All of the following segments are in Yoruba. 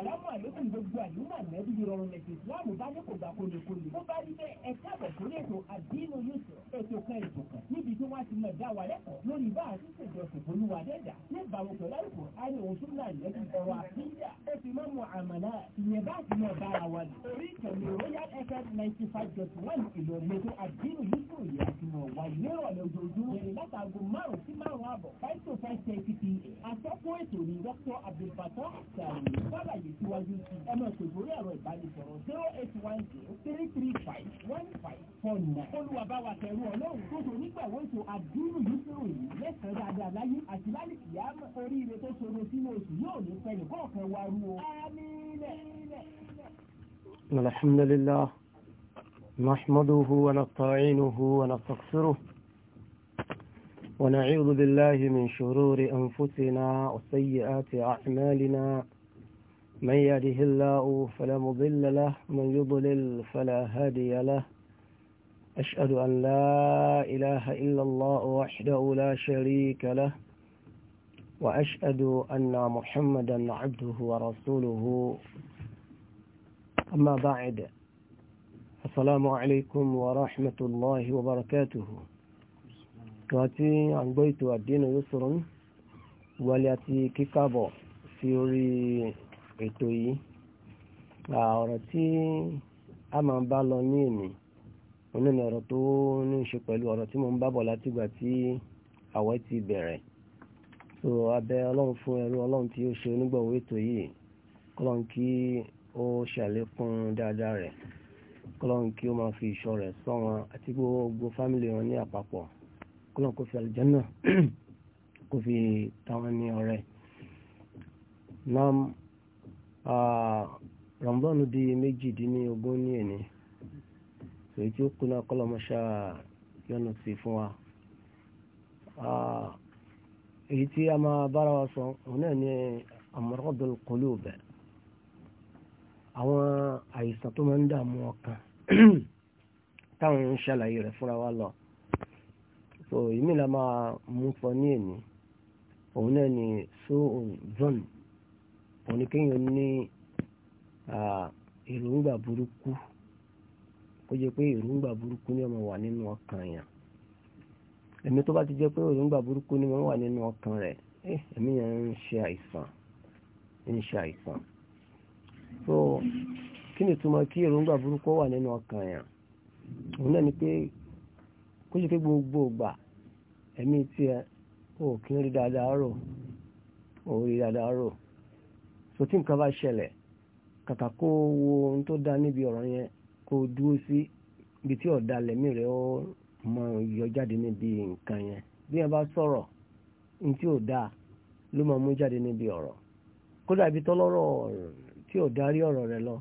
sàlámù àlékún gbogbo àlùmọ̀ àlẹ́bí ìrọ̀rùn lẹ́sìn ìsìláàmù bá ní kò gbà kólekóle. ó bá rí bẹ́ẹ̀ ẹ káàbọ̀ sórí ètò àdínú yusuf ètò kan ètò kan níbi tí wọ́n ti mọ̀ dá wa lẹ́kọ̀ọ́ lórí bá a ṣíṣe ìjọsìn fún wa dẹ́dà níbàámu pẹ̀lú àìkú ayé òun tún náà lẹ́sìn ọ̀rọ̀ àfíjà ó ti mọ́ mu àmàlà ìyẹn bá ti mọ̀ bára wa lẹ̀. orí ìtẹ̀lẹ̀ royal fm ninety five dot one ìlọrin ètò àdínú yusuf yìí àti mọ̀ wà ìlérọ̀lẹ́ ojoojúmọ́ bẹ̀rẹ̀ látàgò márùn-ún sí márùn-ún àbọ̀ five to five thirty pm. àtọ́kùn ètò ni dr abdulfatah sàlẹ̀ síwájú sí ẹ máa pè lórí ìbánisọ̀rọ̀ zero eight one zero three three five one five four nine. olùwàbáwa tẹ̀rù ọlọ́run tó tó nígbàwó ètò àdúrú yìí fún òní lẹ́sàn dáadáa láyé àti láyé kìá oríire tó ṣòro sínú oṣù yóò ní pẹ̀lú kọ̀ọ̀kan wa rú o. الحمد لله نحمده ونستعينه ونستغفره ونعوذ بالله من شرور أنفسنا وسيئات أعمالنا من يهده الله فلا مضل له من يضلل فلا هادي له أشهد أن لا إله إلا الله وحده لا شريك له وأشهد أن محمدا عبده ورسوله أما بعد السلام عليكم ورحمة الله وبركاته كاتي عن بيت الدين يسر والتي كيكابو في ètò yìí ọ̀rọ̀ tí a máa bá lọ ní èmi onínú ọ̀rọ̀ tó ní ṣe pẹ̀lú ọ̀rọ̀ tí mo ń bábọ̀ látìgbà tí àwẹ̀ ti bẹ̀rẹ̀ so abẹ ọlọ́run fún ẹrú ọlọ́run tí ó ṣe onígbọ̀wọ́ ètò yìí kọlọ́n kí ó ṣàlékún dáadáa rẹ̀ kọlọ́n kí ó máa fi ìṣọ́ rẹ̀ sọ wọn àti gbogbo fámìlì wọn ní àpapọ̀ kọlọ́n kó fi àlùjánnà kó fi táwọn ní ọrẹ náà rọ̀mbọ́nù di méjìdínlógún ní ẹ̀ní èyí tí ó kú náà kọ́lọ́mọṣá yọ̀nà sí fún wa èyí tí a máa bára wa sọ òun náà ní àmọ́rọ́dọ̀lù kọlú ọ̀bẹ àwọn àìsàn tó máa ń dààmú ọkàn táwọn ń ṣàlàyé rẹ̀ fúnra wa lọ so èmi là máa mú sọ ní ẹ̀ní òun náà ní so zone òun ni kéèyàn ní èròǹgbà burúkú ó jẹ́ pé èròǹgbà burúkú ni ọmọ wà nínú ọkàn yàn ẹ̀mí tó bá ti jẹ́ pé èròǹgbà burúkú ni wọ́n wà nínú ọkàn rẹ̀ ẹ̀mí yẹn ń ṣe àìsàn ń ṣe àìsàn so kí ni túmọ̀ kí èròǹgbà burúkú wà nínú ọkàn yàn òun náà ni pé kó ṣe pé gbogbo ìgbà ẹ̀mí tiẹ̀ ò kí ń rí dáadáa rò ò rí dáadáa rò so tí nǹkan bá ṣẹlẹ̀ kàkà kó wo ohun tó dá níbi ọ̀rọ̀ yẹn kó dúró sí ibi tí ọ̀dà lẹ́mí rẹ̀ ó mọ yọ jáde níbi nǹkan yẹn bí yẹn bá sọ̀rọ̀ ní tí ò dáa ló máa mú jáde níbi ọ̀rọ̀ kódà ibi tọ́lọ́rọ̀ tí ò darí ọ̀rọ̀ rẹ̀ lọ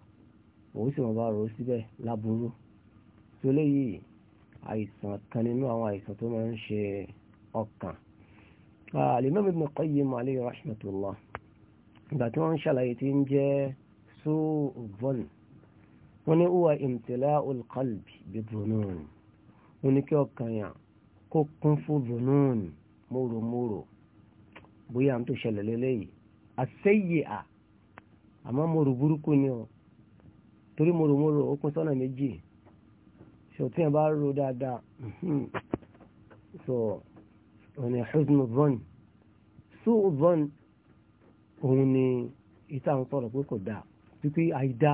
òun sì máa bá rò ó síbẹ̀ láburú tó léyìí àìsàn kan nínú àwọn àìsàn tó máa ń ṣe ọkàn. Al-Imam Ibn Qayyim alayhi rahmatullah ìgbà tí wọ́n ń ṣàlàyé tí ń jẹ́ sóòvọ́n wọ́n ní huwa imtila'ul qalbi bi dhunun wọ́n ní kí ọkàn yàn kó kún fún dhunun mòròmòrò bóyá à ń tó ṣẹlẹ̀ lélẹ́yìí àṣẹ́yè à àmọ́ mòrò burúkú ni ọ torí mòròmòrò ó pín sọ́nà méjì ṣòtí ẹ̀ bá ro dáadáa mhm. so wọ́n ní huzn dhun òun ni ìta ń sọ̀rọ̀ pé kò dáa wípé àìdá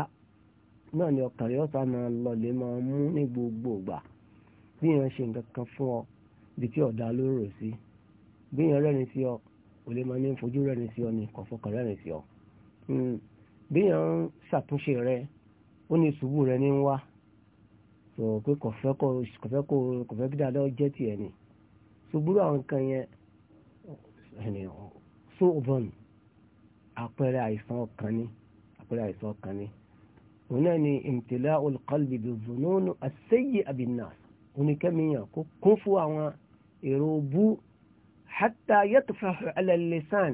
náà ni ọkàn rẹ̀ ọ̀sán máa lọlé máa mú ní gbogbo ìgbà bí èèyàn ṣe nǹkan kan fún ọ bí tí ọ̀dà ló rò sí bí èèyàn rẹ́rìn sí ọ kò lè máa ní fojú rẹ́rìn sí ọ ní kọ̀fọ́kàn rẹ́rìn sí ọ hmm. bí èèyàn ń ṣàtúnṣe rẹ ó ní ìṣubú rẹ ní ń wá sọ pé kọ̀fẹ́ kò kọ̀fẹ́ kí dáadáa jẹ́ tiẹ̀ ni ṣùgbọ́n àwọn nǹkan yẹn ẹni so oven àpẹẹrẹ àìsàn ọkàn ni àpẹẹrẹ àìsàn ọkàn ni òun náà ni imtila'ul qalbi bizzunun as-sayyi'a bin-nas oníkẹ́miyàn kó kún fún àwọn èrò bú hatta yatfahu ala al-lisan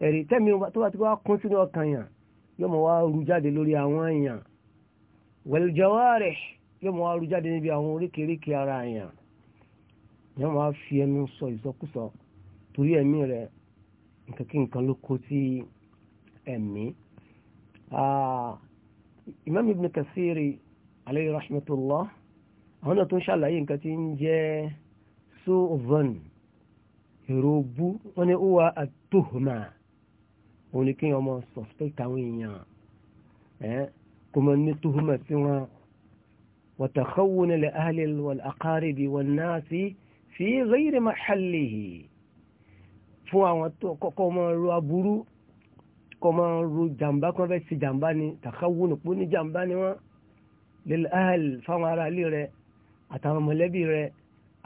ẹ̀rí tẹ́mi tó bá ti wá kún sínú ọkàn yàn yóò mọ̀ wá rú jáde lórí àwọn èèyàn wal jawarih yóò mọ̀ wá rú jáde níbi àwọn oríkèéríkèé ara èèyàn yóò mọ̀ wá fi ẹnu sọ ìsọkúsọ torí ẹ̀mí rẹ̀ nǹkan kí nǹkan ló kó sí i ẹ̀mí Imam Ibn Kathiri alayhi rahmatullah àwọn náà tó ń ṣàlàyé nǹkan tí ń jẹ́ sóòvọ́n èrò bú wọ́n ní ó wà àtòhùmá òun ni kí ọmọ suspect àwọn èèyàn kò mọ̀ ní tóhùmá sí wọn وتخون لأهل والأقارب والناس في غير محله fún àwọn tó kọ́kọ́ mọ́ ro aburú kọ́ máa ro jàǹbá kọ́ fẹ́ ṣe jàǹbá ni tàkàwọ́ nìpó ní jàǹbá ni wọ́n lil ahl fáwọn ará ilé rẹ àtàwọn mọ̀lẹ́bí rẹ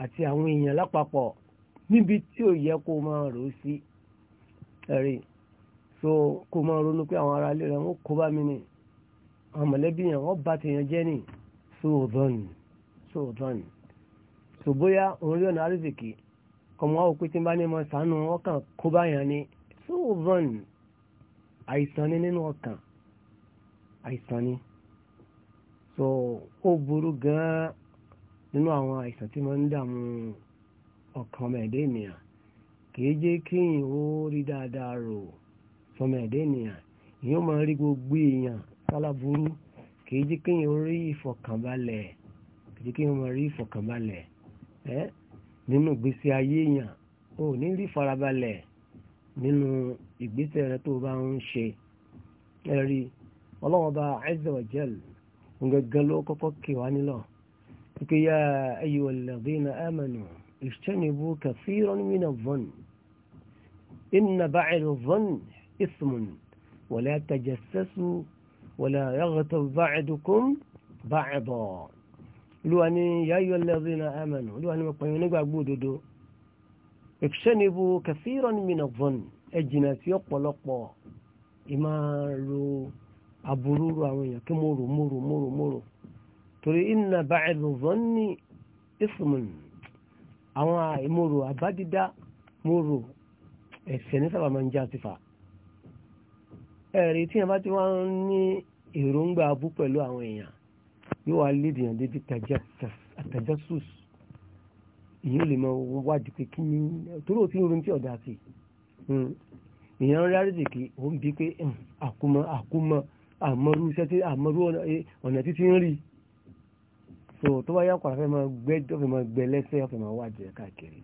àti àwọn èèyàn lápapọ̀ níbi tí ò yẹ kó máa rò sí ẹ̀rí so kó máa ronú pé àwọn ará ilé rẹ wọ́n kó bá mi ni àwọn mọ̀lẹ́bí yẹn wọ́n bá tèèyàn jẹ́ ni sóòdán sóòdán so bóyá òun rí ọ̀nà àrísìkì ọmọ àwọn òpin tí bá ní mọ sànù wọn kàn kó bá yẹn ni sóòdán. So, àìsàn ni nínú ọkàn àìsàn ni so ó burú gan nínú àwọn àìsàn tí ń ọkàn ọmọ ẹ̀dẹ́ ènìyàn kìí jẹ́ kéèyàn ó rí dáadáa rò sọmọ ẹ̀dẹ́ ènìyàn èèyàn máa rí gbogbo èèyàn sálábúrú kìí jẹ́ kéèyàn ó rí ìfọ̀kànbalẹ̀ kìí máa rí ẹ́ nínú ìgbésí ayé nínú ìgbésẹ̀ rẹ tó bá ń ṣe ẹ̀rí ọlọ́wọ́n bá azza wa jal gangan ló kọ́kọ́ kì wá nílọ̀ pípé yá ayyuhal ladhina amanu ijtanibu kathiran mina dhann inna ba'da dhanni ithmun wala tajassasu wala yaghtab ba'dukum ba'da lúwa ní yá ayyuhal ladhina amanu lúwa ní mo pẹ̀yìn nígbàgbọ́ òdodo ìṣẹ́nibu kẹfìrán mìnàbọ̀n ẹ̀jìnà sí ọ̀pọ̀lọpọ̀ ìmáàrò aburú àwọn èèyàn kí mòrò mòrò mòrò mòrò torí iná báyìí zọ́n ní ismun àwọn ìmòrò àbádídá mòrò ẹ̀sẹ̀ ní sábà máa ń já sífà ẹ̀rí tí wọ́n bá ti wá ní èròǹgbà abú pẹ̀lú àwọn èèyàn yóò wá lédìyàn débi tajassus èyàn lè máa wádìí pé kí ni torí òtí ń ronú tí ọ̀dà sí èyàn ń rárí dèké ó ń bi pé hmm, àkúmọ àkúmọ àmọrú iṣẹ́ tí àmọrú ọ̀nà títí ń rí so tó bá yá kọ̀ọ̀fẹ́ máa gbẹ́ ọ̀fẹ́ máa gbẹ lẹ́sẹ̀ ọ̀fẹ́ máa wádìí ẹ̀ káàkiri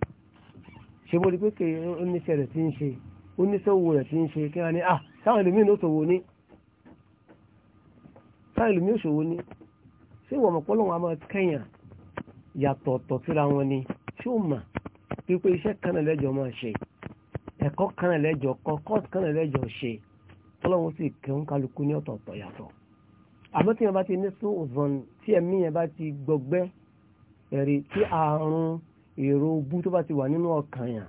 ṣe bó di pé oníṣẹ́ rẹ̀ ti ń ṣe oníṣẹ́ owó rẹ̀ ti ń ṣe kí wọ́n ní ah táwọn ẹlòmíì ní òṣòwò ní táwọn ẹlòmíì òṣòwò ní ṣé ìwọ̀n mọ̀pọ́lọ́wọ́n a máa kẹ́yàn yàtọ̀ọ̀tọ̀ síra wọn ni tí ó mà wípé iṣẹ́ kan náà lẹ́jọ́ máa ṣe ẹ̀kọ́ kan náà lẹ́jọ́ kọ́ kọ́ọ̀sì kan náà lẹ́jọ́ ṣe tọ́lọ́wọ́n sì kẹ́hún kálukú ní ọ̀tọ̀ọ̀tọ̀ yàtọ̀ àmọ́ tí yẹn bá ti ní sún òzàn tí ẹ̀mí yẹn bá ti gbọgbẹ́ ẹ̀rí tí àrùn èrò ogú tó bá ti wà nínú ọkàn yàn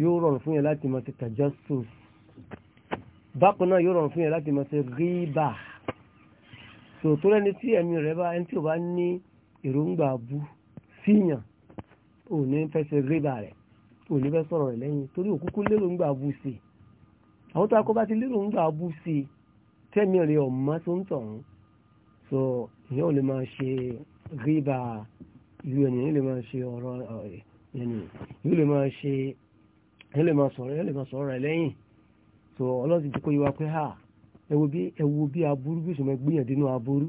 yóò rọrùn fún yẹn láti máa ṣe tajassus bákan náà yóò rọrùn fún yẹn láti máa ṣe gíbà tòótọ́ lẹ́ni tí ẹ̀mí rẹ̀ bá ẹni tí ò bá ní èròǹgbà bú síyàn ò ní fẹ́ ṣe rébà rẹ̀ ò ní fẹ́ sọ̀rọ̀ rẹ̀ lẹ́yìn torí òkúkú lérò ń gbà bú sí i àwọn tó akọ́bá ti lérò ń gbà bú sí i tẹ́mi rẹ̀ ọ̀mọ́ tó ń tọ̀hún so ìyẹn ò lè máa ṣe rébà ìlú ẹni ìyẹn lè máa ṣe ọ̀rọ̀ ẹni ìyẹn lè máa ṣe ẹni lè máa sọ̀rọ̀ ẹni lè máa sọ̀rọ̀ rẹ̀ lẹ́yìn so ọlọ́sìn ti kó yíwa pé ha ẹ wo bí ẹ wo bí aburú bí sọmọ gbìyànjú nínú aburú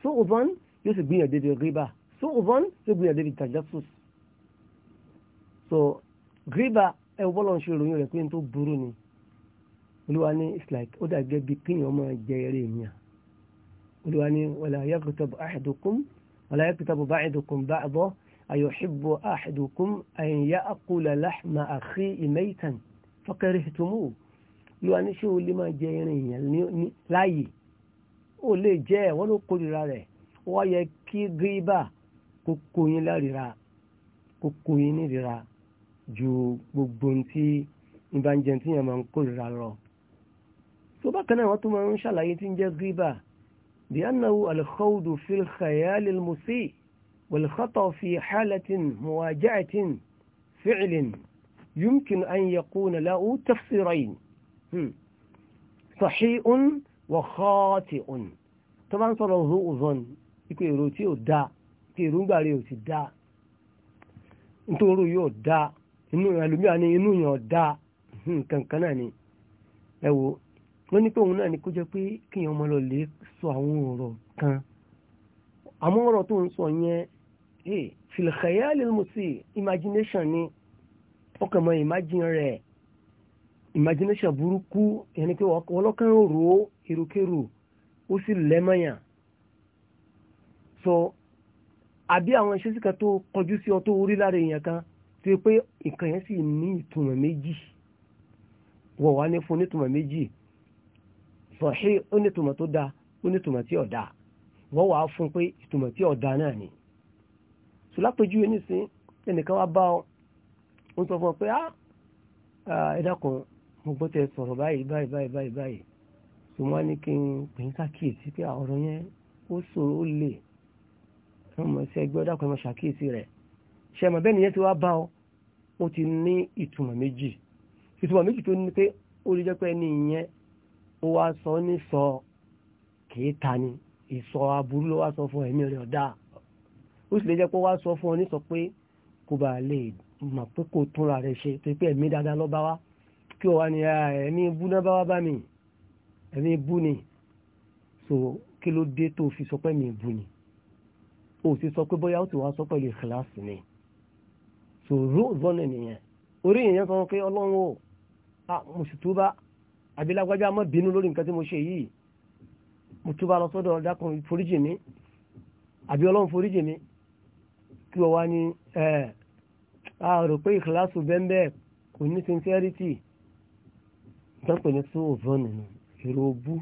so òvan yóò sì gbìyànjú débi rébà so òvan yóò gbìyànjú débi tajasus so gíríbà ẹ wọ́n bọ́lọ̀ ń ṣe ìròyìn rẹ̀ pé n tó burú ni olúwa ní it's like ó dàgẹ́ bí kíyàn máa jẹ eré mi à olúwa ní wala yaghtab ahadukum wala yaghtab ba'dukum ba'da ayuhibbu ahadukum an ya'kula lahma akhihi maytan fakarihtumuhu olúwa ní ṣé o lè máa jẹ eré yẹn láàyè ó lè jẹ́ wọ́n ló kórìíra rẹ̀ wọ́n yẹ kí gíríbà kókó yín lárìíra kókó yín nírìíra. ju gbogbo tí ìbànújẹ́ tí yẹn máa ń kórìíra lọ. tó bá náà wọ́n tó máa ń ṣàlàyé tí ń jẹ́ gíbà bí annahu alkhawdu fil khayal al-musi wal khata fi halatin muwaja'atin fi'lin yumkin an yakuna lahu tafsirayn sahih wa khati'un tó bá ń sọ̀rọ̀ hu uzon ikú èrò tí ò dáa tí èròǹgbà rẹ̀ ò ti dáa nítorí yóò yoo da inú ẹlòmíà ní inú yàn dá hmm, nǹkan kan náà ni ẹ wo wọ́n ní pé òun náà ni kó jẹ́ pé kíyàn ọmọ lọ lè sọ àwọn ọ̀rọ̀ kan àmọ́ ọ̀rọ̀ tó ń sọ yẹn hey eh, filkhayal ilmusi imagination ni ọkàn mọ imagine rẹ̀ imagination burúkú yẹni pé ọlọ́kàn rò ó èròkèrò ó sì lẹ́mọ̀yàn so àbí àwọn iṣẹ́ síkà tó kọjú sí ọ tó orí lára èèyàn kan tí pé nǹkan yẹn sì ní ìtumọ̀ méjì wọ̀ wá ní fún nítumọ̀ méjì sọ̀hí ó nítumọ̀ tó dáa ó nítumọ̀ tí ọ̀dà wọ́n wàá fún pé ìtumọ̀ tí ọ̀dà náà ni sùlápẹ̀júwe nísìn ẹnìkan wá bá ọ ó sọ fún ọ pé á ah, ẹ dákun mo gbọ́ tẹ sọ̀rọ̀ báyìí báyìí báyìí báyìí báyìí tó wọ́n ní kí n pè ń ṣàkíyèsí pé ọ̀rọ̀ yẹn ó ṣòro ó lè wọ́n mọ̀ sí ẹgbẹ́ dákun ẹ ṣẹ̀mọ̀ bẹ́ẹ̀ nìyẹn ti wá bá ọ ó ti ní ìtumọ̀ méjì ìtumọ̀ méjì tó ní pé ó lè jẹ́ pé ẹni ìyẹn ó wá sọ ní sọ kìíta ni ìsọ aburú ló wá sọ fún ẹ̀mí rẹ̀ ọ̀dá ó sì lè jẹ́ pé ó wá sọ fún ọ ní sọ pé kó bá lè mọ̀ pé kó túnra rẹ̀ ṣe tó pé ẹ̀mí dáadáa lọ́ bá wá kí ọ wá ní ẹ̀mí ibú náà bá wá bá mi ẹ̀mí ibú ni so kí ló dé tó fi sọ pé ẹ̀mí ibú ni ó sì sọ pé bóyá ó ti wá sọ pẹ̀lú ìkìláàsì ni sòrò zọ́nà nìyẹn orí èèyàn sọ pé ọlọ́run o mo sì túbá àbílágbájá má bínú lórí nǹkan tí mo ṣe yìí mo túbá lọ sọ́dọ̀ dákun foríjì mi àbí ọlọ́run foríjì mi kí wọ́n wá ní ẹ̀ a rò pé ìkìláàsù bẹ́ẹ̀ kò ní sincerity dọ́pẹ̀ ní tó òvọ́ nínú èrò obú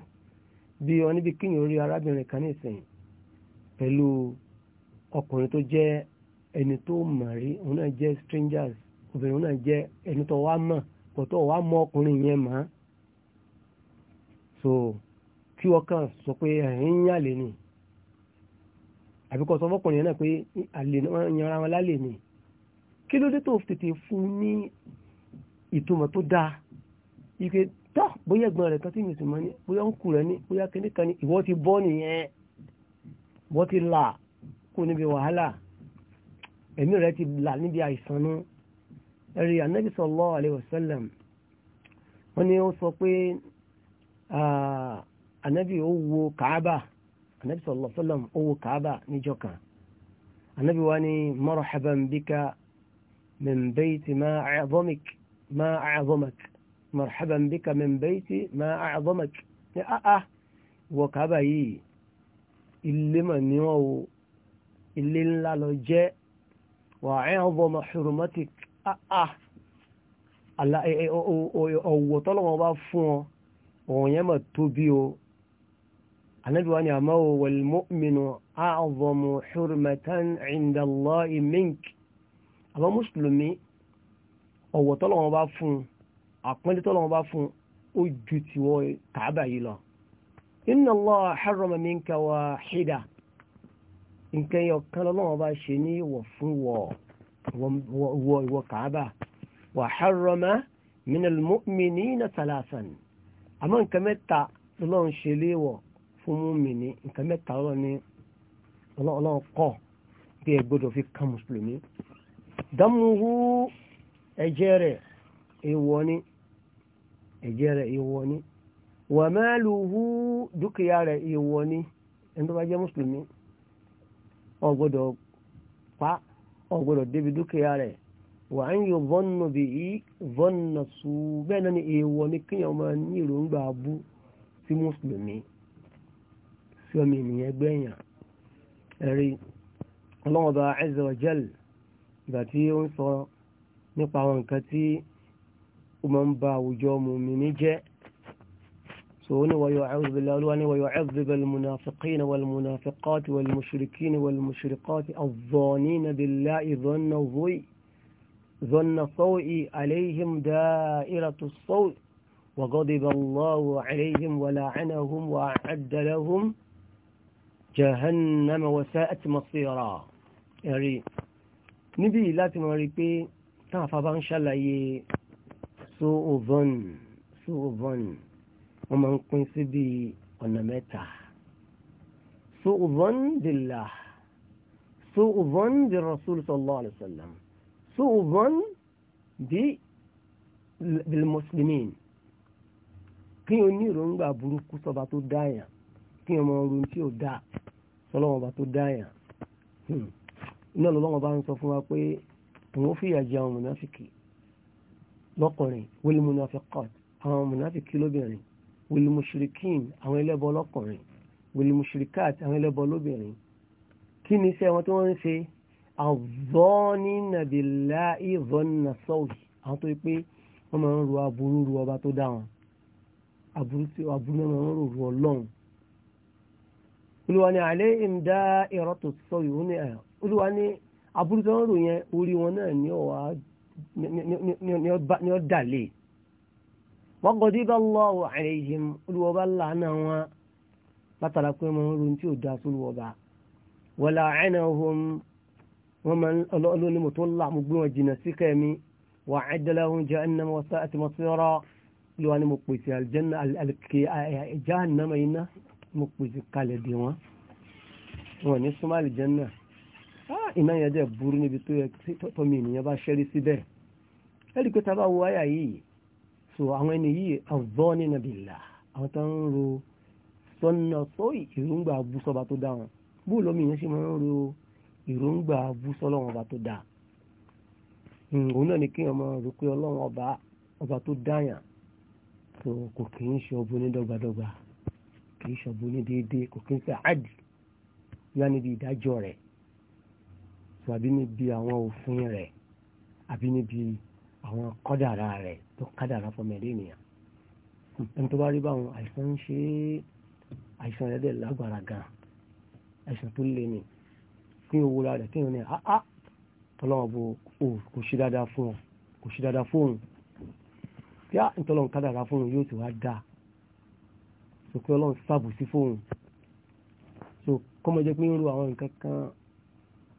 bí wọn níbi kíyàn orí arábìnrin kan ní ìsìn pẹ̀lú ọkùnrin tó jẹ́ ẹni tó mọ̀ rí òun náà jẹ́ strangers obìnrin náà jẹ́ ẹni tó wá mọ̀ pọ̀tọ́ wá mọ ọkùnrin yẹn mọ́ so kí wọ́n kàn sọ pé ẹ̀yìn ń yàlè ni àbíkọ́ sọ fọ́kùnrin yẹn náà pé àlè yanra wọn lálè ni kí ló dé tó tètè fún ní ìtumọ̀ tó dáa ike tó bóyá ẹ̀gbọ́n rẹ̀ kan tí mi sì mọ́ ni bóyá ń kù rẹ̀ ni bóyá kíní kan ni ìwọ ti bọ́ nìyẹn ìwọ ti là kó níbi wàhálà ẹ̀mí rẹ̀ ti là níbi àìsàn náà ẹ̀rí ànábì sallallahu alaihi wasallam wọ́n ní ó sọ pé ànábì ó wo kàábà ànábì sallallahu alaihi wasallam ó wo kàábà níjọ́ kan ànábì wa ní marhaban bika min bayti ma a'zamak ma a'zamak marhaban bika min bayti ma a'zamak ní àá ah, ah, wọ kàábà yìí ilé mà níwọ̀n o ilé ńlá lọ jẹ́ وعظم حرمتك ah, ah. ọ̀wọ̀ tọ́lọ́wọ́ bá fún ọ òun yẹn mọ̀ tóbi o anábíwá ni àmọ́ o wal mu'minu a'zamu hurmatan 'inda Allahi mink àmọ́ mùsùlùmí ọ̀wọ̀ tọ́lọ́wọ́ bá fún àpọ́nlé tọ́lọ́wọ́ bá fún ó ju tiwọ́ kàábà yìí lọ inna Allaha harrama minka wahida nǹkan yẹn ọ̀kan lọ́wọ́ bá ṣe ní ìwọ̀ fún wọ ìwọ kàábà wa harrama minal mu'minina thalathan àmọ́ nǹkan mẹ́ta lọ́wọ́ ṣe léwọ̀ fún mùmìnì nǹkan mẹ́ta lọ́wọ́ ní ọlọ́wọ́ kọ́ bí ẹ gbọ́dọ̀ fi kan mùsùlùmí damuhu ẹ̀jẹ̀ rẹ̀ èèwọ̀ ni ẹ̀jẹ̀ rẹ̀ èèwọ̀ ni wa dúkìá rẹ̀ èèwọ̀ ni ẹni tó bá jẹ́ mùsùlùmí ọ gbọ́dọ̀ pa ọ gbọ́dọ̀ débi dúkìá rẹ̀ wà á ń yọ vọ́nà bí i vọ́nà sù bẹ́ẹ̀ náà ni èèwọ̀ ni kíyàn máa ní ìròǹgbà abú sí mùsùlùmí sí ọmọ ènìyàn gbẹ̀yàn ẹ̀rí ọlọ́wọ́n bá azza wa jal ìgbà tí ó ń sọ nípa àwọn nǹkan tí ó máa ń ba àwùjọ mùmí ní jẹ́ سون ويعوذ بالله ويعذب المنافقين والمنافقات والمشركين والمشرقات الظانين بالله ظن ضوي ظن صوئي عليهم دائرة الصوء وغضب الله عليهم ولعنهم وأعد لهم جهنم وساءت مصيرا يعني نبي لا mọ̀ rí pé táàfà bá ń ṣàlàyé so ovan so wọ́n máa ń pín sí bí ọ̀nà mẹ́ta su'udhan billah su'udhan bi rasul sallallahu alayhi wa sallam su'udhan bi bil muslimin kí o ní ìrònúgbà burúkú sọba tó dáyà kí o mọ ohun tí o dá sọlọ́wọ́n bá tó dáyà hmm. iná lọ́wọ́n bá ń sọ fún wa pé òun fìyà jẹ àwọn mùnáfíkì lọ́kùnrin wal munafiqat àwọn mùnáfíkì lóbìnrin wilimushirikin àwọn ẹlẹ́bọ lọ́kùnrin wilimushirikat àwọn ẹlẹ́bọ lóbìnrin kí ni iṣẹ́ wọn tí wọ́n ń ṣe àzọ́ni nàbìlá ìzọ́ni nàṣọ́ọ̀hì àwọn tó yẹ pé wọ́n máa ń ro aburú ru ọba tó dá wọn aburú náà máa ń rò ru ọlọ́run olúwa ni àlẹ́ ìmdá ẹ̀rọ tó sọ yìí ní ẹ̀ olúwa ni aburú tó ń rò yẹn orí wọn náà ni ó dà lé wọ́n gọdí bá lọ́wọ́ àìyíhìm olùwọ́ba lànà wọn látara pé wọ́n ronú tí ò da sólùwọ́ba wọ́n là àìnà ohun wọ́n máa lọ́ni mọ̀tò ńlá mo gbé wọn jìnnà sí kẹ́mi wà á ohun jẹ́ ẹ̀nà wọn sá àti wọn sọ̀rọ̀ olùwà ni mo pèsè àlùjẹ́nà àlùkè ẹ̀já ànàmọ̀ iná mo pèsè kalẹ̀ dè wọ́n ní súnmọ́ àlùjẹ́nà iná yẹn jẹ́ burú níbi tó yẹ tọ́mi ènìyàn bá ṣẹ́rí síbẹ̀ ẹ̀rí so àwọn ẹni yìí àvọ́ni nàbìlà àwọn tó ń ro sọ́nà tó ìrúngbà abúsọ́ba tó dá wọn bóò lọ́mọ ìyẹn ṣe ń ro ìrúngbà abúsọ́lọ́wọ́n ọba tó dá òun náà ni kéèyàn máa rò pé ọlọ́wọ́n ọba tó dáyàn so kò kì í ṣe ọbọ ní dọ́gbadọ́gba kì í ṣe ọbọ ní déédéé kò kì í ṣe àdì yá níbi ìdájọ́ rẹ̀ so àbí níbi àwọn òfin rẹ̀ àbí níbi àwọn kádàrá rẹ̀ tó kádàrá fọmọ ẹ̀dẹ́ ènìyàn ẹni tó bá rí báwọn àìsàn ń ṣe àìsàn rẹ̀ dẹ̀ lágbára gan àìsàn tó lé ni kí n wúra rẹ̀ kí n ní àá ah, tọ́lọ́wọ́ ah, bo kò ṣe dáadáa fún ọ kò ṣe dáadáa fóun tí a ń tọ́lọ́wọ́ kádàrá fóun yóò ti wá dáa sókè ọlọ́run sábò sí fóun so kọ́mọ jẹ́ pé ń ro àwọn nǹkan kan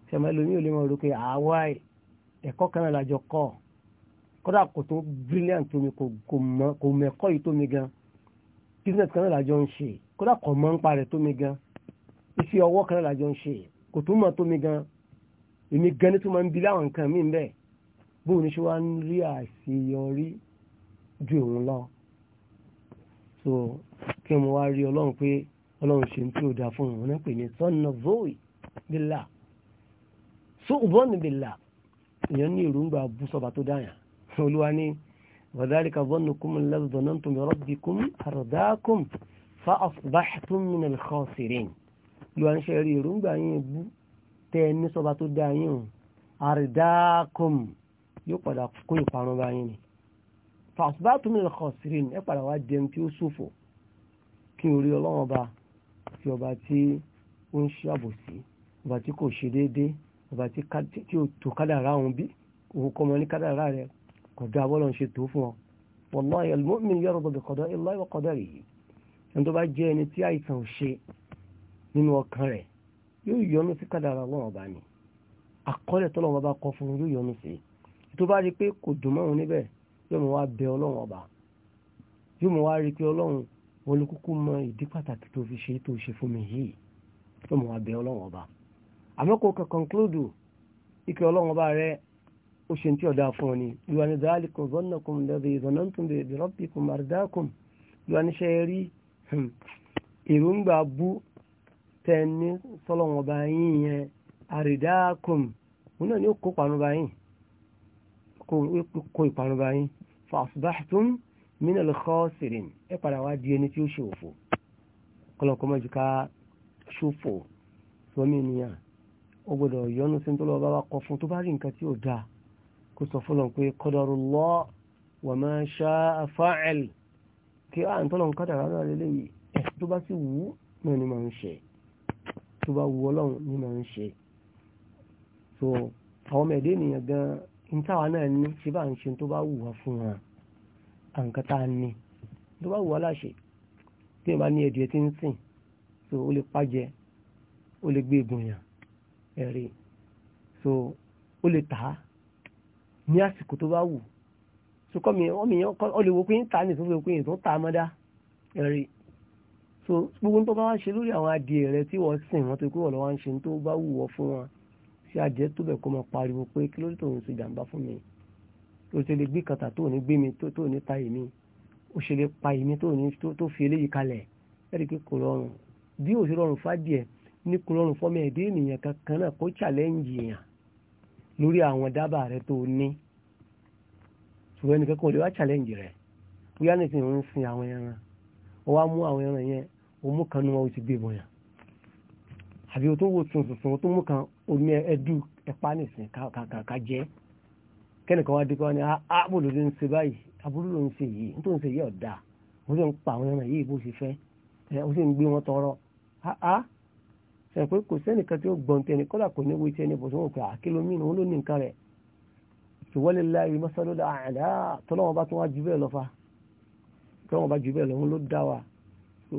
ṣẹ̀mọ́ ẹlòmíì ò lè mọ̀ rò pé àwa ẹ̀kọ́ kan náà lájọ kọ́ ọ kódà kò tó brilliant tó mi kò mẹ́kọ́ yìí tó mi gan business kan náà làjọ ń ṣe kódà kò mọ́ ń parẹ̀ tó mi gan iṣẹ́ ọwọ́ kan náà làjọ ń ṣe kò tó mọ̀ tó mi gan èmi gan ní tó máa ń bi láwọn nǹkan mí bẹ́ẹ̀ bóun ní ṣe wá ń rí àṣeyọrí ju òun lọ so kí mo wá rí ọlọ́run pé ọlọ́run ṣe ń tí ò dáa fún òun náà pè ní sọ́nà zoe bílà so òbọ́n ní bílà èèyàn ní èròǹgbà bú sọba tó dáyà olúwa ní wàdálíkà zannukum alladhi dhanantum bi rabbikum ardaakum fa asbahtum min al-khasirin olúwa ń ṣe rí èròǹgbà yín bú tẹ ní sọba tó dá yín o ardaakum yóò padà kó ìparun bá yín ni fa asbahtum min al-khasirin ẹ padà wá jẹun tí kọ̀dá bọ́lọ̀ ń ṣe tó fún ọ wallahi al-mu'min yarda bi qada'i Allahi wa qadarihi ẹni tó bá jẹ́ ẹni tí àìsàn ò ṣe nínú ọkàn rẹ̀ yóò yọnu sí kádàrà Ọlọ́run ọba ni àkọọ́lẹ̀ tọ́lọ́run ọba kọ fún un yóò yọnu sí tó bá rí pé kò dùn mọ́run níbẹ̀ yóò mọ̀ wá bẹ Ọlọ́run ọba yóò mọ̀ wá rí pé Ọlọ́run olùkúkú mọ ìdí pàtàkì tó fi ṣe tó ṣe fún mi yìí yóò mọ̀ wá bẹ Ọlọ́run ọba àmọ́ kò kàn conclude ike Ọlọ́run ọba rẹ̀ ó ṣe tí ọ̀dá fún ọ ni ìwà ni dáálìkùn zọ́nàkùn lẹ́bẹ̀ ìzọ̀nàntùn bèbè rọ́bìkùn àrídákùn ìwà ni ṣe rí hmm, èròǹgbà bú tẹni sọ́lọ́wọ́n bá yín yẹn àrídákùn òun náà ni ó kó ìparun bá yín kó ìparun bá yín fàṣbáṣtún mínà lè kọ́ sírìn ẹ padà wá di ẹni tí ó ṣe òfò kọlọ́kọ́ kó sọ fún lọ́n pé qadarullah wa ma sha'a fa'al kí á ń tọ́lọ̀ ń kádàrá náà lélẹ̀ yìí tó bá sì wù náà ni máa ń ṣe tó bá wù ọlọ́run ni máa ń ṣe so àwọn ọmọ ẹ̀dẹ́ gan ń táwa náà ní ṣe bá ń ṣe tó bá wù wá fún wa àǹkà tá tó bá wù wá láṣẹ tí ìbá ní ẹ̀dùn ẹ̀ tí ń sìn so ó lè pàjẹ́ ó lè gbé egbòyàn ẹ̀rí so ó lè tàá ní àsìkò tó bá wù sọkọ́ mi ọmọ èèyàn ọ lè wo pé ń ta ní ìtúnfẹ́ pé ìtún ta mọ́dá ẹ̀rí so gbogbo tó bá wá ṣe lórí àwọn adìẹ rẹ tí wọ́n sìn wọ́n tó kúrò lọ́wọ́ ń ṣe tó bá wù wọ́ fún wọn ṣe adìẹ tó bẹ̀ kó máa pariwo pé kí lórí tòun ṣe jàǹbá fún mi o ṣe lè gbé kàtà tó ní gbé mi tó ní ta èmi o ṣe lè pa èmi tó fi eléyìí kalẹ̀ ẹ̀rí pé kò rọrùn bí òṣèlú ọ̀run fàdìẹ ní kò rọrùn fọ́mọ ẹ̀dẹ́ ènìyàn kankan náà kó challenge yàn lórí àwọn dábàá rẹ tó ní ṣùgbọ́n ẹnì kankan lè wá challenge rẹ bóyá nìkan ò ń sin àwọn ẹran ó wá mú àwọn ẹran yẹn ó mú kan ní wọn ó ti gbé e bọ̀yàn àbí o tó wo tuntun tó mú kan omi ẹdú ẹpá nìsín kàkàkà jẹ kẹ́nìkan wá dípẹ́ wọn ni àbò ló ń ṣe báyìí aburú ló ń ṣe yìí nítorí ń ṣe yìí ọ̀dà ó sì ń pa àwọn ẹran yìí bó ṣe fẹ́ ó sì ń gbé wọn tọrọ ah, ah, sọ pé kò sẹ́nìkan tí ó gbọ́n tẹni kọ́lá kò ní wíṣẹ́ ní bọ̀sùn òkè àkílómìnì òun ló ní nǹkan rẹ̀ ìwọlé láàyè mọ́sálódà àdá tọ́lọ́wọ́n bá tún wá jù bẹ́ẹ̀ lọ fa tọ́lọ́wọ́n bá jù bẹ́ẹ̀ lọ òun ló dá wa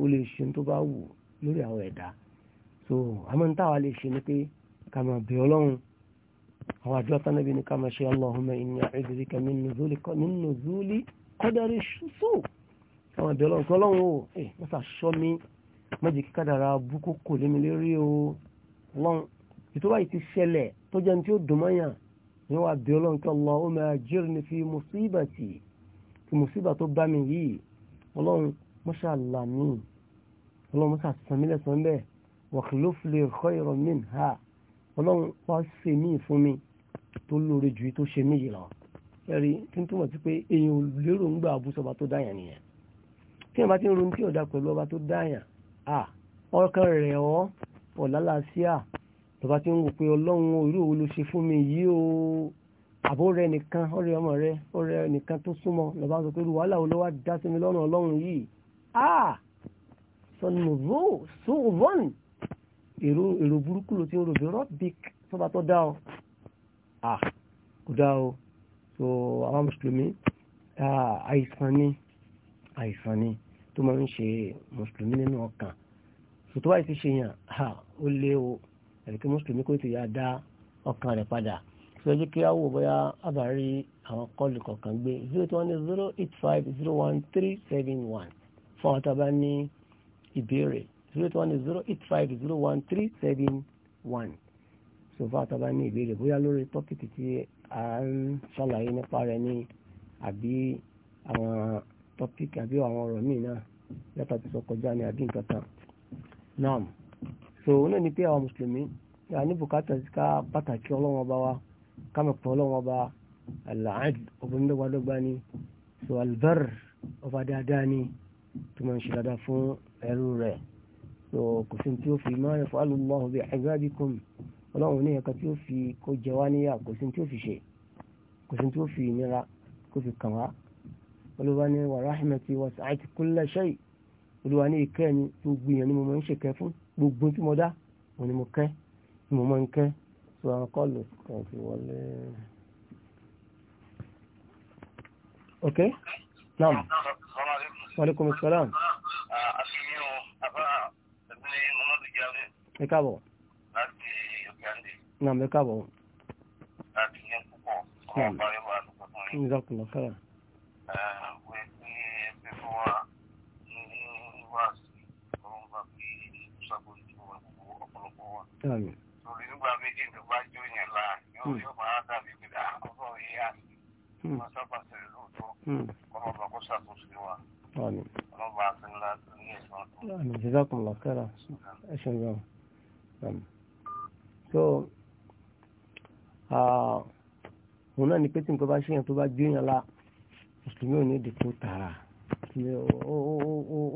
ó lè ṣe tó bá wù lórí àwọn ẹ̀dá so àmọ́ ń táwa lè ṣe ni pé ká máa bẹ̀ ọlọ́run àwọn àdúrà tánàbí ni ká máa ṣe Allahumma inni a'udhu bika min nuzuli qadari mọ́jì kí kádàrá búkú kò lé mi lérí o lọ́n ìtura yìí ti ṣẹlẹ̀ tó jẹ́ ní tí ó dùn mọ́yàn ní wàá bí ọlọ́run kí Allahumma ajirni fi musibati fi musiba tó bá mi yìí ọlọ́run mọ́ṣáláà mi ọlọ́run mọ́ṣáà sàmílẹ̀ sọ́ńbẹ́ wàkìlóf lè khayran minha ọlọ́run wá ṣe mí fún mi tó lóore ju tó ṣe mí yìí lọ ẹ̀rí tí ń túmọ̀ sí pé èèyàn lérò ń gbà abúsọba tó dáyàn nìyẹn tí èèyàn bá ti ń ronú tí ọ̀dà pẹ̀lú ọba tó dáyàn ọkàn rẹ̀ ọ́ ọ̀làlàáfíà lọ́ba tí ń wò pé ọlọ́run irú òun ló ṣe fún mi yìí o àbó rẹ nìkan ọ̀rẹ́ ọmọ rẹ ọ̀rẹ́ nìkan tó súnmọ́ lọ́ba sọ pé wàhálà wo ló wá dá sí mi lọ́rùn ọlọ́run yìí sọnù ró sóòvọ́n èrò burúkú ló ti ń ròbí rọ́bìk sọ́ba tó dá ọ kò dá o so àwọn mùsùlùmí àìsàn ni àìsàn ni tó máa ń ṣe mùsùlùmí nínú ọkàn tó wáyé ti ṣe yàn ha ó lé o ẹ̀ríkí mùsùlùmí kò tó yà dá ọkàn rẹ̀ padà tó yẹ kí á wò bóyá àbárí àwọn kọlù kọ̀ọ̀kan gbé zero two one zero eight five zero one three seven one fún àwọn tábà ní ìbéèrè zero two one zero eight five zero one three seven one so fún àwọn tábà ní ìbéèrè bóyá lórí tọ́pìkì tí a ń ṣàlàyé nípa rẹ̀ ní àbí àwọn topic àbí àwọn ọ̀rọ̀ míì náà yàtọ̀ ti sọ kọjá ní àbí nǹkan kan naam so òun náà ni pé àwọn mùsùlùmí yà ní bùkátà sí ká pàtàkì ọlọ́wọ́n ọba wa ká mọ̀ pọ̀ ọlọ́wọ́n ọba alaad ọbọ̀n ni so albar ọba dáadáa ni tó máa ń ṣe dáadáa fún ẹrú rẹ̀ so kò sí tí ó fi máa ń fọ alùmọ́ọ̀ bí ibadikum ọlọ́run ní ẹ̀ka tí ó fi kó jẹ wá níyà kò sí tí ó fi ṣe kò sí tí ó fi ìnira kó fi kàn wá olúwa ní wa rahmati wasi'at kulla shay olúwa ní ìkẹ́ ni gbogbo èèyàn ni mo máa ń ṣèkẹ́ fún gbogbo tí mo dá òun ni mo kẹ́ ni mo máa ń kẹ́ tó àwọn kọ́ọ̀lù kan ti wọlé. ok naam waaleykum salaam. ẹ káàbọ̀. naam ẹ káàbọ̀. láti yẹn púpọ̀ kọ́ Torí nígbà méjì tó bá jó yẹn la yóò yóò máa dàbí pé àkọ́kọ́ ìyá wọn sábà sẹ̀rẹ̀ lóòótọ́ kọ́mọ bá kó ṣàkóso wa. Ọlọ́ba Akínlá ní ẹ̀sán tó. Jazakumullahu khairan. Ẹ ṣe yọ. So, òun náà ni pé tí nǹkan bá ṣe yẹn tó bá jó yẹn la, Mùsùlùmí ò ní dìkú tààrà.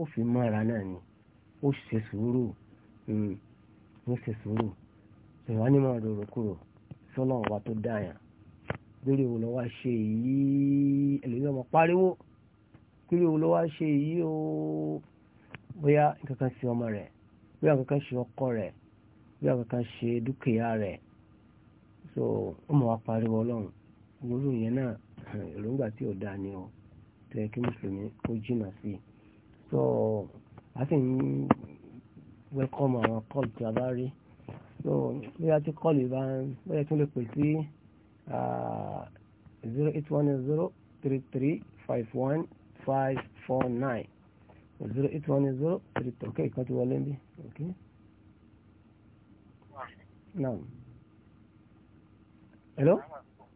Ó fi mọ́ra náà ni, ó ṣe sùúrù. wọ́n ṣe sùúrù ìwà ni máa rorò kúrò sọ́nà ọba tó dáyàn lórí òun lọ́wọ́ ṣe èyí ọmọ pariwo lórí òun lọ́wọ́ ṣe èyí o bóyá nǹkankan ṣe ọmọ rẹ̀ bóyá nǹkankan ṣe ọkọ rẹ̀ bóyá nǹkankan ṣe dúkìá rẹ̀ so ọmọ wa pariwo ọlọ́run gbogbo náà èròǹgbà tí ò ni o kí mùsùlùmí i a welcome àwọn call tí a bá rí so bóyá tí call yìí bá ń bóyá tí wọ́n lè pè sí ah, zero eight one zero three three five one five four nine zero eight one zero three three okay kan ti wọlé bí okay. naam hello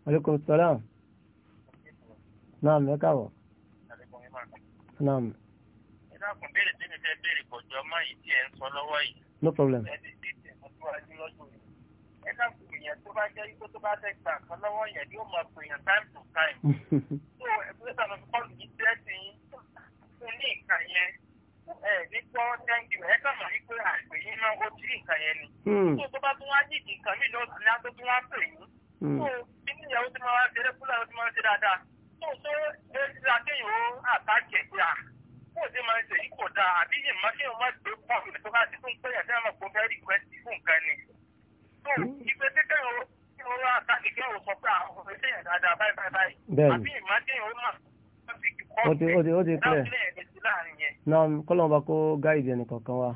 aleykum salaam naam ẹ káàbọ̀ naam. ẹ dákun béèrè tí mi fẹ́ béèrè ọmọ yìí tí ẹ ń sọ lọ́wọ́ yìí. no problem. ẹ ti ti tẹ̀ mọ́ síwájú yìí. ẹ ká pèèyàn tó bá jẹ́ ikú tó bá fẹ́ gbà kan lọ́wọ́ yẹn yóò máa pèèyàn time to time. tó ẹ bí sábà kọ́ọ̀lù yìí tẹ́ ti yín fún ní ìka yẹn ẹ ní gbọ́ thank you ẹ kàn mọ̀ wípé àgbè yín náà ó ti ìka yẹn ni. tó hmm. tó bá tún wá ní ìdí nǹkan mìíràn ó ti tún wá pè yín. tó bí níyàwó ti máa wá ṣeré kúlẹ̀ ó ti máa ṣe dáadáa. tó tó bó ṣe máa ń ṣe yìí kò dáa àbí yìí máa ṣe wọ́n gbé pọ̀ nípa tó bá ti tún pé ẹ̀sẹ̀ ọmọ kò fẹ́ rí ìgbẹ́sí fún nǹkan ni. tó hmm. ìgbé tẹ́tẹ́ o kí wọ́n rà sáàkì kí wọ́n sọ pé àwọn ọmọ ẹ̀sẹ̀ yẹn dáadáa báyìí báyìí báyìí. àbí ìmáà ṣe yẹn ó máa ó ti ó ti ó ti clear náà kọ́lọ́mù bá kó gáìdì ẹnì kọ̀ọ̀kan wa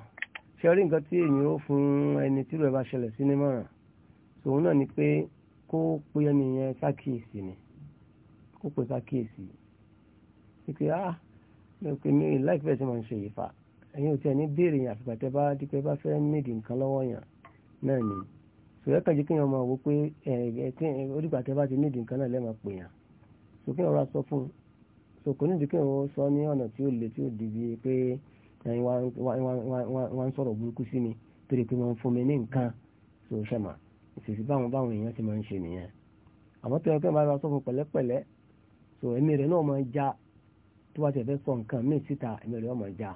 ṣe rí nǹkan tí èyí ó fún ẹni tí ìrọ̀ ẹ̀ bá ṣẹlẹ̀ sí nímọ̀ràn tòun náà ni pé kó pe ẹni yẹn sákìyèsí ni kó pe sákìyèsí ni pé ah pé mi láìpẹ́ bẹ́ẹ̀ tí mo ń ṣe ìfà ẹ̀yin ò tí ẹ ní béèrè yẹn àfìgbà tẹ́ bá dípẹ́ bá fẹ́ nídìí nǹkan lọ́wọ́ yẹn náà ni sòyẹ́ kàjí kéèyàn máa wò pé orígbà tẹ́ bá ti nídìí nǹkan náà lẹ́ẹ̀ma pè yàn sò kéèyàn ra sọ fún un sò kò nídìí kéèyàn sọ ní ọ̀nà tí ó le tí ó di bí pé ẹ̀yin wá ń sọ̀rọ̀ burúkú sí mi torí pé wọ́n fún mi ní nǹkan sò sẹ́mà ìfèsì báwọn báwọn èèyàn ti máa ń ṣe nìyẹn àmọ́ tó yẹ kí wọ́n bá ra sọ fún pẹ̀lẹ́pẹ̀lẹ́ sò ẹ̀mí rẹ̀ náà máa ja tó bá tẹ̀ fẹ́ sọ nǹkan míì síta ẹ̀mí rẹ̀ ọmọ ìjà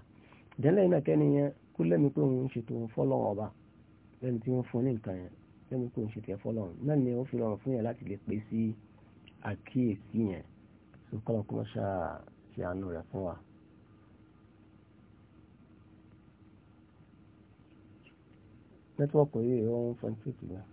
ìdẹ́lẹ̀ iná kẹ́ni yẹn kú lẹ́mi pé òun ń ṣètò fọ́lọ́wọ́ ọba lẹ́ni tí ń fún ní nǹkan yẹn lẹ́mi pé òun ṣètò ẹ̀ fọ́lọ́wọ́ náà ni ó fi rọrùn fún yẹn láti lè pè sí àkíyèsí yẹn tó kọ́lọ́ kó ṣá ṣe àánú rẹ̀ fún wa. nẹ́tíwọ́ọ̀kì yìí ó ń fọ́n títì náà.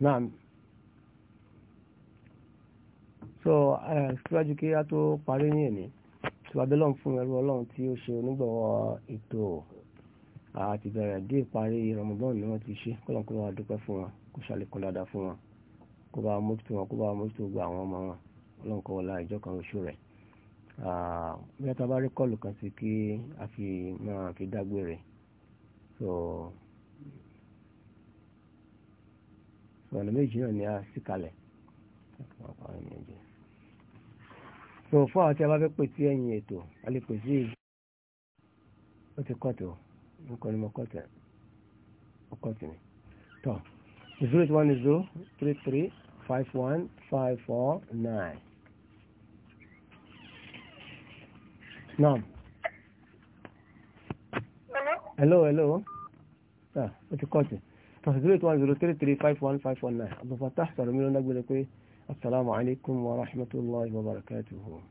náà so eh, síwájú kí a tó parí ní ẹ̀ní tí wàá bẹ́lọ̀ fún ẹrú ọlọ́run tí ó ṣe onígbọ̀wọ́ ètò àti bẹ̀rẹ̀ dé ìparí Ramadan ni wọ́n ti ṣe kọ́lọ́kọ́lọ́ wa dúpẹ́ fún wọn kó ṣàlékún dáadáa fún wọn kó bá mójútó wọn kó bá mójútó gba àwọn ọmọ wọn ọlọ́run kọ́ wọlá ìjọ kan oṣù rẹ̀ bí wọ́n ta bá rí kọ́ọ̀lù kan sí kí a fi máa fi dágbére so. ọ̀nà méjì náà ni a sì kalẹ̀ so fún àwọn tí a bá fẹ́ pè sí ẹ̀yìn ètò a lè pè sí ó ti kọ́tù nǹkan ni mo kọ́tù ó kọ́tù mi tọ́ zero eight one zero three three five one five four nine naam. hello hello ah, ó ti kọ́tù. فتحت السلام عليكم ورحمة الله وبركاته